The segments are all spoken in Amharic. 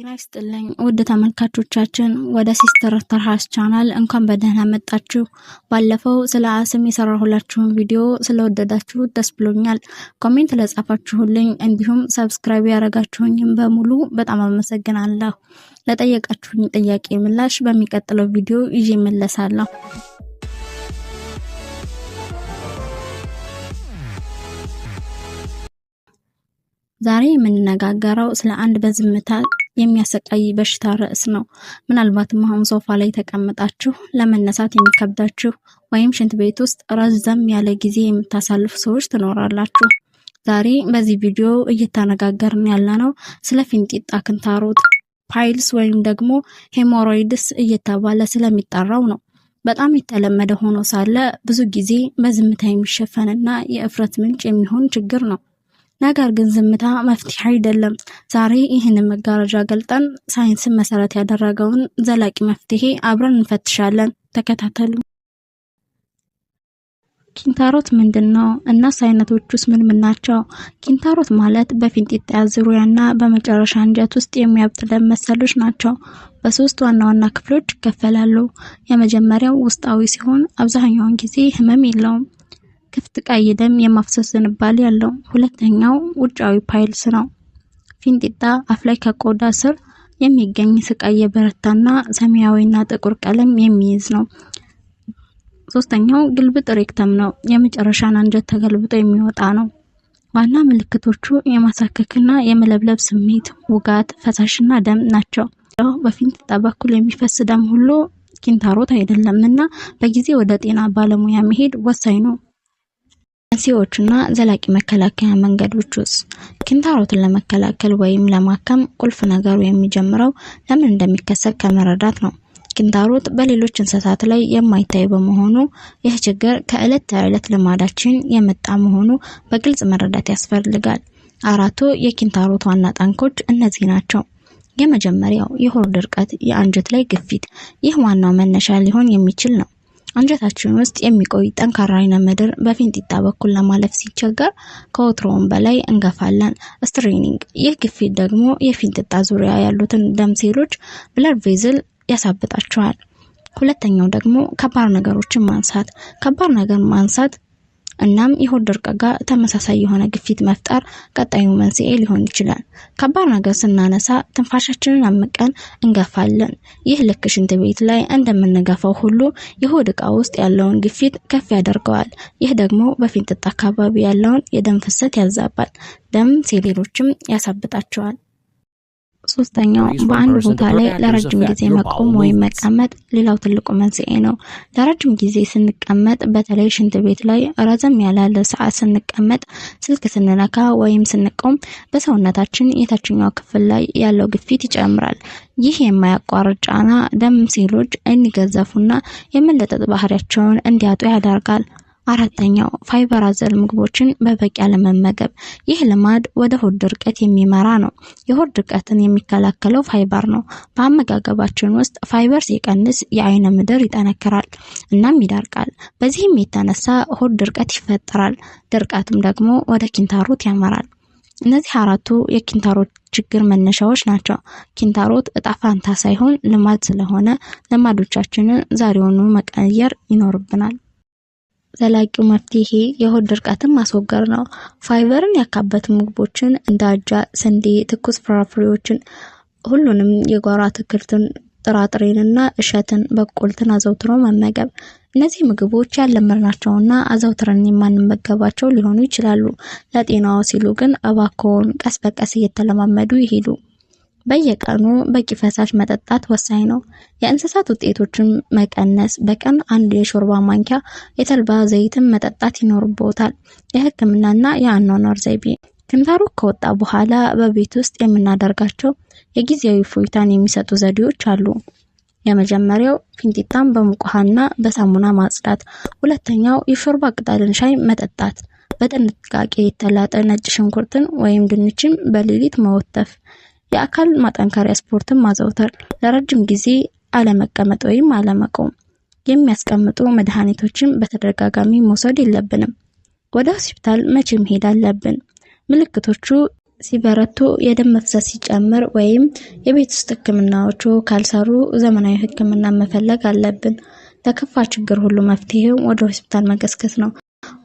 ጤና ይስጥልኝ ውድ ተመልካቾቻችን፣ ወደ ሲስተር ተርሃስ ቻናል እንኳን በደህና መጣችሁ። ባለፈው ስለ አስም የሰራሁላችሁን ቪዲዮ ስለወደዳችሁ ደስ ብሎኛል። ኮሜንት ለጻፋችሁልኝ፣ እንዲሁም ሰብስክራይብ ያደረጋችሁኝም በሙሉ በጣም አመሰግናለሁ። ለጠየቃችሁኝ ጥያቄ ምላሽ በሚቀጥለው ቪዲዮ ይዤ መለሳለሁ። ዛሬ የምንነጋገረው ስለ አንድ በዝምታ የሚያሰቃይ በሽታ ርዕስ ነው። ምናልባትም አሁን ሶፋ ላይ ተቀምጣችሁ ለመነሳት የሚከብዳችሁ ወይም ሽንት ቤት ውስጥ ረዘም ያለ ጊዜ የምታሳልፉ ሰዎች ትኖራላችሁ። ዛሬ በዚህ ቪዲዮ እየተነጋገርን ያለነው ስለ ፊንጢጣ ክንታሮት ፓይልስ ወይም ደግሞ ሄሞሮይድስ እየተባለ ስለሚጠራው ነው። በጣም የተለመደ ሆኖ ሳለ ብዙ ጊዜ በዝምታ የሚሸፈንና የእፍረት ምንጭ የሚሆን ችግር ነው። ነገር ግን ዝምታ መፍትሄ አይደለም። ዛሬ ይህንን መጋረጃ ገልጠን ሳይንስን መሰረት ያደረገውን ዘላቂ መፍትሄ አብረን እንፈትሻለን። ተከታተሉ። ኪንታሮት ምንድን ነው? እናስ አይነቶች ውስጥ ምን ምን ናቸው? ኪንታሮት ማለት በፊንጢጣ ዙሪያና በመጨረሻ አንጀት ውስጥ የሚያብጥለን መሰሎች ናቸው። በሶስት ዋና ዋና ክፍሎች ይከፈላሉ። የመጀመሪያው ውስጣዊ ሲሆን አብዛኛውን ጊዜ ህመም የለውም። ክፍት ቀይ ደም የማፍሰስ ዝንባሌ አለው። ሁለተኛው ውጫዊ ፓይልስ ነው። ፊንጢጣ አፍ ላይ ከቆዳ ስር የሚገኝ ስቃይ የበረታና ሰማያዊና ጥቁር ቀለም የሚይዝ ነው። ሶስተኛው ግልብጥ ሬክተም ነው። የመጨረሻን አንጀት ተገልብጦ የሚወጣ ነው። ዋና ምልክቶቹ የማሳከክና የመለብለብ ስሜት፣ ውጋት፣ ፈሳሽና ደም ናቸው። በፊንጢጣ በኩል የሚፈስ ደም ሁሉ ኪንታሮት አይደለም እና በጊዜ ወደ ጤና ባለሙያ መሄድ ወሳኝ ነው። መንስኤዎቹና ዘላቂ መከላከያ መንገዶች ውስጥ ኪንታሮትን ለመከላከል ወይም ለማከም ቁልፍ ነገሩ የሚጀምረው ለምን እንደሚከሰት ከመረዳት ነው። ኪንታሮት በሌሎች እንስሳት ላይ የማይታይ በመሆኑ ይህ ችግር ከዕለት ተዕለት ልማዳችን የመጣ መሆኑ በግልጽ መረዳት ያስፈልጋል። አራቱ የኪንታሮት ዋና ጠንቆች እነዚህ ናቸው። የመጀመሪያው የሆድ ድርቀት፣ የአንጀት ላይ ግፊት። ይህ ዋናው መነሻ ሊሆን የሚችል ነው። አንጀታችን ውስጥ የሚቆይ ጠንካራ አይነ ምድር በፊንጢጣ በኩል ለማለፍ ሲቸገር ከወትሮውም በላይ እንገፋለን። ስትሬኒንግ። ይህ ግፊት ደግሞ የፊንጢጣ ዙሪያ ያሉትን ደም ሴሎች ብለድ ቬዝል ያሳብጣቸዋል። ሁለተኛው ደግሞ ከባድ ነገሮችን ማንሳት። ከባድ ነገር ማንሳት እናም የሆድ ድርቀት ጋር ተመሳሳይ የሆነ ግፊት መፍጠር ቀጣዩ መንስኤ ሊሆን ይችላል። ከባድ ነገር ስናነሳ ትንፋሻችንን አምቀን እንገፋለን። ይህ ልክ ሽንት ቤት ላይ እንደምንገፋው ሁሉ የሆድ ዕቃ ውስጥ ያለውን ግፊት ከፍ ያደርገዋል። ይህ ደግሞ በፊንጥጥ አካባቢ ያለውን የደም ፍሰት ያዛባል። ደም ሴሌሎችም ያሳብጣቸዋል። ሶስተኛው በአንድ ቦታ ላይ ለረጅም ጊዜ መቆም ወይም መቀመጥ ሌላው ትልቁ መንስኤ ነው። ለረጅም ጊዜ ስንቀመጥ በተለይ ሽንት ቤት ላይ ረዘም ያላለ ሰዓት ስንቀመጥ፣ ስልክ ስንነካ ወይም ስንቆም በሰውነታችን የታችኛው ክፍል ላይ ያለው ግፊት ይጨምራል። ይህ የማያቋርጥ ጫና ደም ሴሎች እንዲገዘፉና የመለጠጥ ባህሪያቸውን እንዲያጡ ያደርጋል። አራተኛው ፋይበር አዘል ምግቦችን በበቂ አለመመገብ። ይህ ልማድ ወደ ሆድ ድርቀት የሚመራ ነው። የሆድ ድርቀትን የሚከላከለው ፋይበር ነው። በአመጋገባችን ውስጥ ፋይበር ሲቀንስ የአይነ ምድር ይጠነክራል እናም ይዳርቃል። በዚህም የተነሳ ሆድ ድርቀት ይፈጠራል። ድርቀትም ደግሞ ወደ ኪንታሮት ያመራል። እነዚህ አራቱ የኪንታሮት ችግር መነሻዎች ናቸው። ኪንታሮት እጣ ፋንታ ሳይሆን ልማድ ስለሆነ ልማዶቻችንን ዛሬውኑ መቀየር ይኖርብናል። ዘላቂው መፍትሄ የሆድ ድርቀትን ማስወገድ ነው። ፋይበርን ያካበቱ ምግቦችን እንደ አጃ፣ ስንዴ፣ ትኩስ ፍራፍሬዎችን፣ ሁሉንም የጓሮ አትክልትን፣ ጥራጥሬንና እሸትን፣ በቆልትን አዘውትሮ መመገብ። እነዚህ ምግቦች ያለመድናቸውና አዘውትረን የማንመገባቸው ሊሆኑ ይችላሉ። ለጤናዎ ሲሉ ግን እባክዎን ቀስ በቀስ እየተለማመዱ ይሄዱ። በየቀኑ በቂ ፈሳሽ መጠጣት ወሳኝ ነው። የእንስሳት ውጤቶችን መቀነስ፣ በቀን አንድ የሾርባ ማንኪያ የተልባ ዘይትን መጠጣት ይኖርቦታል። የህክምናና የአኗኗር ዘይቤ ክንታሩ ከወጣ በኋላ በቤት ውስጥ የምናደርጋቸው የጊዜያዊ እፎይታን የሚሰጡ ዘዴዎች አሉ። የመጀመሪያው ፊንጢጣን በሙቅ ውሃና በሳሙና ማጽዳት። ሁለተኛው የሾርባ ቅጠልን ሻይ መጠጣት። በጥንቃቄ የተላጠ ነጭ ሽንኩርትን ወይም ድንችን በሌሊት መወተፍ። የአካል ማጠንከሪያ ስፖርትን ማዘውተር፣ ለረጅም ጊዜ አለመቀመጥ ወይም አለመቆም፣ የሚያስቀምጡ መድኃኒቶችን በተደጋጋሚ መውሰድ የለብንም። ወደ ሆስፒታል መቼ መሄድ አለብን? ምልክቶቹ ሲበረቱ የደም መፍሰስ ሲጨምር ወይም የቤት ውስጥ ህክምናዎቹ ካልሰሩ ዘመናዊ ህክምና መፈለግ አለብን። ለከፋ ችግር ሁሉ መፍትሄው ወደ ሆስፒታል መገስገስ ነው።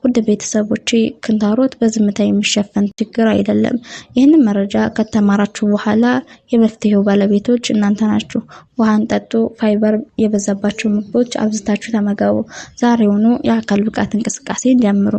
ውድ ቤተሰቦቼ ክንታሮት በዝምታ የሚሸፈን ችግር አይደለም። ይህንን መረጃ ከተማራችሁ በኋላ የመፍትሄው ባለቤቶች እናንተ ናችሁ። ውሃን ጠጡ፣ ፋይበር የበዛባቸው ምግቦች አብዝታችሁ ተመገቡ፣ ዛሬውኑ የአካል ብቃት እንቅስቃሴ ጀምሩ።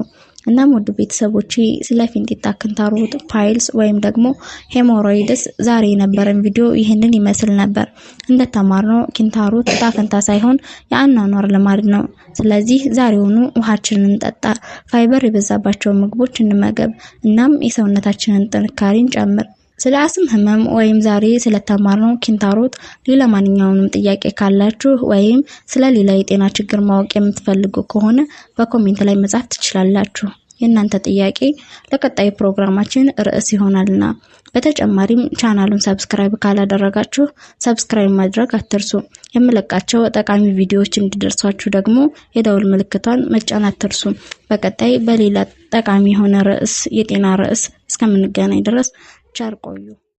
እናም ውድ ቤተሰቦች ስለ ፊንጢጣ ክንታሮት ፓይልስ ወይም ደግሞ ሄሞሮይድስ ዛሬ የነበረን ቪዲዮ ይህንን ይመስል ነበር። እንደተማርነው ኪንታሮት እጣ ፈንታ ሳይሆን የአኗኗር ልማድ ነው። ስለዚህ ዛሬውኑ ውሃችንን እንጠጣ፣ ፋይበር የበዛባቸውን ምግቦች እንመገብ፣ እናም የሰውነታችንን ጥንካሬን ጨምር። ስለ አስም ህመም ወይም ዛሬ ስለተማርነው ኪንታሮት ሌላ ማንኛውንም ጥያቄ ካላችሁ ወይም ስለ ሌላ የጤና ችግር ማወቅ የምትፈልጉ ከሆነ በኮሜንት ላይ መጻፍ ትችላላችሁ። የእናንተ ጥያቄ ለቀጣይ ፕሮግራማችን ርዕስ ይሆናልና። በተጨማሪም ቻናሉን ሰብስክራይብ ካላደረጋችሁ ሰብስክራይብ ማድረግ አትርሱ። የምለቃቸው ጠቃሚ ቪዲዮዎች እንዲደርሷችሁ ደግሞ የደውል ምልክቷን መጫን አትርሱ። በቀጣይ በሌላ ጠቃሚ የሆነ ርዕስ የጤና ርዕስ እስከምንገናኝ ድረስ charcoal.